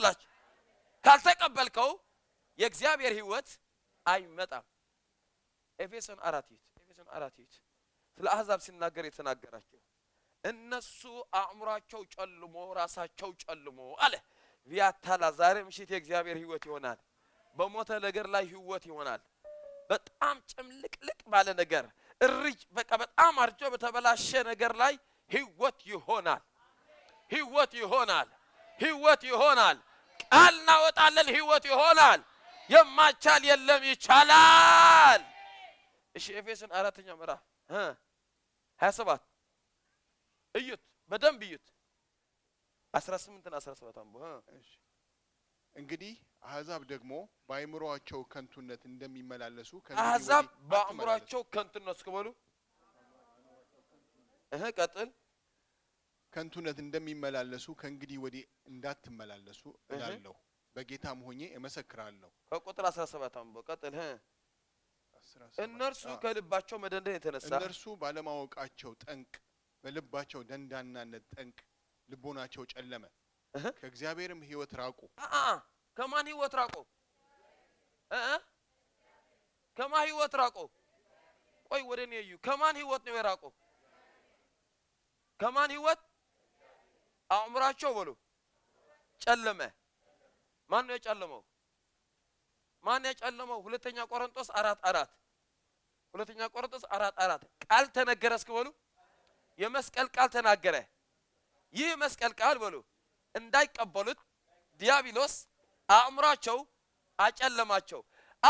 ብላችሁ ካልተቀበልከው የእግዚአብሔር ህይወት አይመጣም። ኤፌሶን አራት ይት ኤፌሶን አራት ይት ስለ አህዛብ ሲናገር የተናገራቸው እነሱ አእምሯቸው ጨልሞ ራሳቸው ጨልሞ አለ ቪያታላ ዛሬ ምሽት የእግዚአብሔር ህይወት ይሆናል። በሞተ ነገር ላይ ህይወት ይሆናል። በጣም ጭምልቅልቅ ባለ ነገር እርጅ በቃ በጣም አርጆ በተበላሸ ነገር ላይ ህይወት ይሆናል። ህይወት ይሆናል። ህይወት ይሆናል። ቃል እናወጣለን፣ ህይወት ይሆናል። የማቻል የለም ይቻላል። እሺ ኤፌሶን አራተኛ ምዕራፍ ሀያ ሰባት እዩት፣ በደንብ እዩት። አስራ ስምንትና አስራ ሰባት አንቦ እንግዲህ አሕዛብ ደግሞ በአእምሮአቸው ከንቱነት እንደሚመላለሱ አሕዛብ በአእምሮአቸው ከንቱነት እስከበሉ ቀጥል ከንቱነት እንደሚመላለሱ ከእንግዲህ ወዲህ እንዳትመላለሱ እላለሁ፣ በጌታም ሆኜ እመሰክራለሁ። ከቁጥር 17 አንብቦ ቀጥል። እነርሱ ከልባቸው መደንደን የተነሳ እነርሱ ባለማወቃቸው ጠንቅ፣ በልባቸው ደንዳናነት ጠንቅ ልቦናቸው ጨለመ፣ ከእግዚአብሔርም ህይወት ራቁ። ከማን ህይወት ራቁ? ከማ ህይወት ራቁ? ቆይ ወደ እኔ እዩ። ከማን ህይወት ነው የራቁ? ከማን ህይወት አእምሯቸው በሉ ጨለመ። ማን ነው የጨለመው? ማን የጨለመው? ሁለተኛ ቆሮንቶስ አራት አራት ሁለተኛ ቆሮንቶስ አራት አራት ቃል ተነገረ እስክ በሉ የመስቀል ቃል ተናገረ። ይህ መስቀል ቃል በሉ እንዳይቀበሉት ዲያብሎስ አእምሯቸው አጨለማቸው።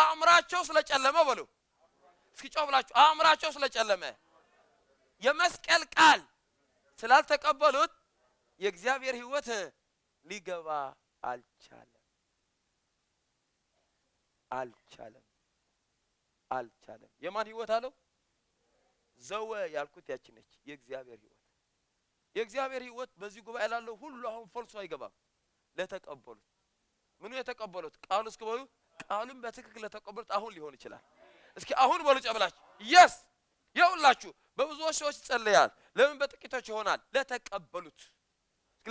አእምሯቸው ስለጨለመ በሉ እስኪ ጮህ ብላችሁ አእምሯቸው ስለጨለመ የመስቀል ቃል ስላልተቀበሉት የእግዚአብሔር ህይወት ሊገባ አልቻለም አልቻለም አልቻለም። የማን ህይወት አለው? ዘወ ያልኩት ያቺ ነች። የእግዚአብሔር ህይወት የእግዚአብሔር ህይወት በዚህ ጉባኤ ላለው ሁሉ አሁን ፈልሶ አይገባም። ለተቀበሉት ምኑ የተቀበሉት ቃሉ እስከ በሉ ቃሉን በትክክል ለተቀበሉት አሁን ሊሆን ይችላል። እስኪ አሁን በሉ ጨብላች የስ የሁላችሁ በብዙዎች ሰዎች ጸለያል። ለምን በጥቂቶች ይሆናል? ለተቀበሉት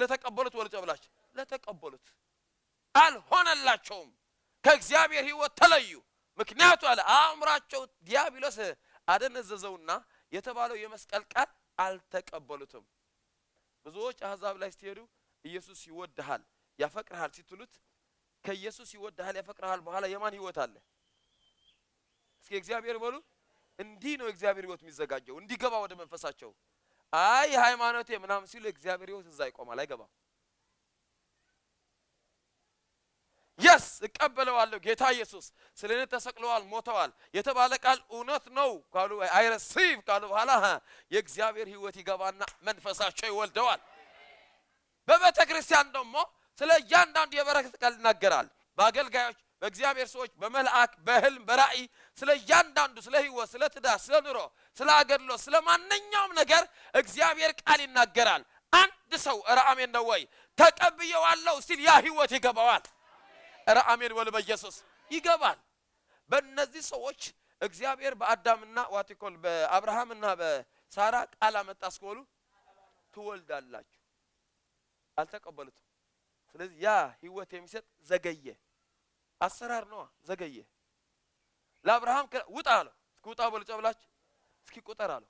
ለተቀበሉት ወልጨ ለተቀበሉት አልሆነላቸውም። ከእግዚአብሔር ህይወት ተለዩ። ምክንያቱ አለ አእምሯቸው ዲያብሎስ አደነዘዘውና የተባለው የመስቀል ቃል አልተቀበሉትም። ብዙዎች አሕዛብ ላይ ስትሄዱ ኢየሱስ ይወድሃል ያፈቅርሃል ሲትሉት ከኢየሱስ ይወድሃል ያፈቅርሃል በኋላ የማን ህይወት አለ? እስኪ እግዚአብሔር በሉ። እንዲህ ነው እግዚአብሔር ህይወት የሚዘጋጀው እንዲገባ ወደ መንፈሳቸው አይ ሃይማኖቴ ምናምን ሲሉ እግዚአብሔር ይወት እዛ ይቆማል፣ አይገባም። የስ እቀበለዋለሁ። ጌታ ኢየሱስ ስለ እኔ ተሰቅለዋል፣ ሞተዋል የተባለ ቃል እውነት ነው ካሉ አይረሲቭ ካሉ በኋላ የእግዚአብሔር ህይወት ይገባና መንፈሳቸው ይወልደዋል። በቤተ ክርስቲያን ደግሞ ስለ እያንዳንዱ የበረከት ቃል ይናገራል። በአገልጋዮች በእግዚአብሔር ሰዎች በመልአክ በህልም በራእይ ስለ እያንዳንዱ ስለ ህይወት ስለ ትዳር ስለ ኑሮ ስለ አገልግሎት፣ ስለ ማንኛውም ነገር እግዚአብሔር ቃል ይናገራል። አንድ ሰው ረአሜን አሜን ነው ወይ ተቀብየዋለው ሲል ያ ህይወት ይገባዋል። ረአሜን ወል በኢየሱስ ይገባል። በእነዚህ ሰዎች እግዚአብሔር በአዳምና ዋቲኮል በአብርሃምና በሳራ ቃል አመጣ እስከሆኑ ትወልዳላችሁ። አልተቀበሉትም። ስለዚህ ያ ህይወት የሚሰጥ ዘገየ። አሰራር ነዋ ዘገየ። ለአብርሃም ውጣ አለው። እስኪ ውጣ በሉ ጨብላችሁ እስኪ ቁጠር አለው።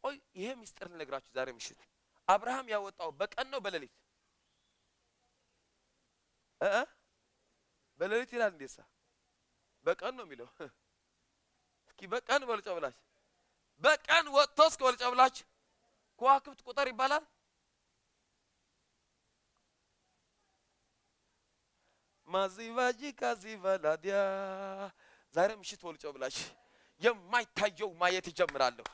ቆይ ይሄ ሚስጥር ልነግራችሁ ዛሬ ምሽት አብርሃም ያወጣው በቀን ነው በሌሊት እ በሌሊት ይላል እንዴሳ በቀን ነው የሚለው። እስኪ በቀን በልጫ ብላችሁ በቀን ወጥቶ እስከ በልጫ ብላችሁ ከዋክብት ቁጠር ይባላል። ማዚቫጂ ካዚቫላዲያ ዛሬ ምሽት ወልጮ ብላችሁ የማይታየው ማየት ይጀምራለሁ።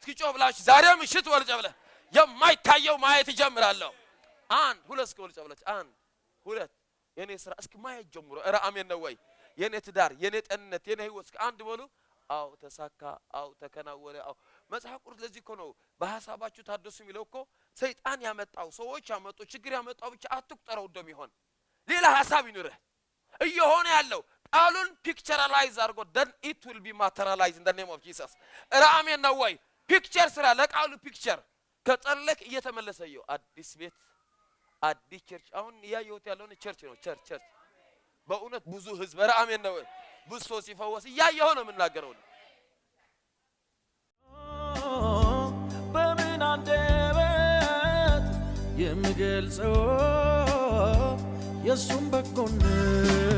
እስኪ ጮህ ብላችሁ ዛሬ ምሽት ወልጨ ብለህ የማይታየው ማየት ይጀምራለሁ። አንድ ሁለት፣ እስኪ ወልጨ ብላችሁ አንድ ሁለት። የኔ ስራ እስኪ ማየት ጀምሮ እረ አሜን ነው ወይ? የኔ ትዳር፣ የኔ ጤንነት፣ የኔ ህይወት እስኪ አንድ በሉ። አው ተሳካ፣ አው ተከናወነ። አው መጽሐፍ ቅዱስ ለዚህ እኮ ነው በሐሳባችሁ ታደሱ የሚለው እኮ ሰይጣን ያመጣው ሰዎች ያመጡ ችግር ያመጣው ብቻ አትቁጠረው እንደሚሆን ሌላ ሐሳብ ይኑርህ እየሆነ ያለው ቃሉን ፒክቸራላይዝ አድርጎ ደን ኢት ዊል ቢ ማተራላይዝ ኢን ኔም ኦፍ ጂሰስ። ራአሜን ነው ወይ ፒክቸር ስራ ለቃሉ ፒክቸር ከጸለክ እየተመለሰ የው አዲስ ቤት አዲስ ቸርች። አሁን እያየሁት ያለውን ቸርች ነው ቸርች ቸርች። በእውነት ብዙ ህዝብ ራአሜን ነው ወይ ብዙ ሰው ሲፈወስ እያየሁ ነው የምናገረው። በምን አንደበት የምገልጸው የእሱም በጎነት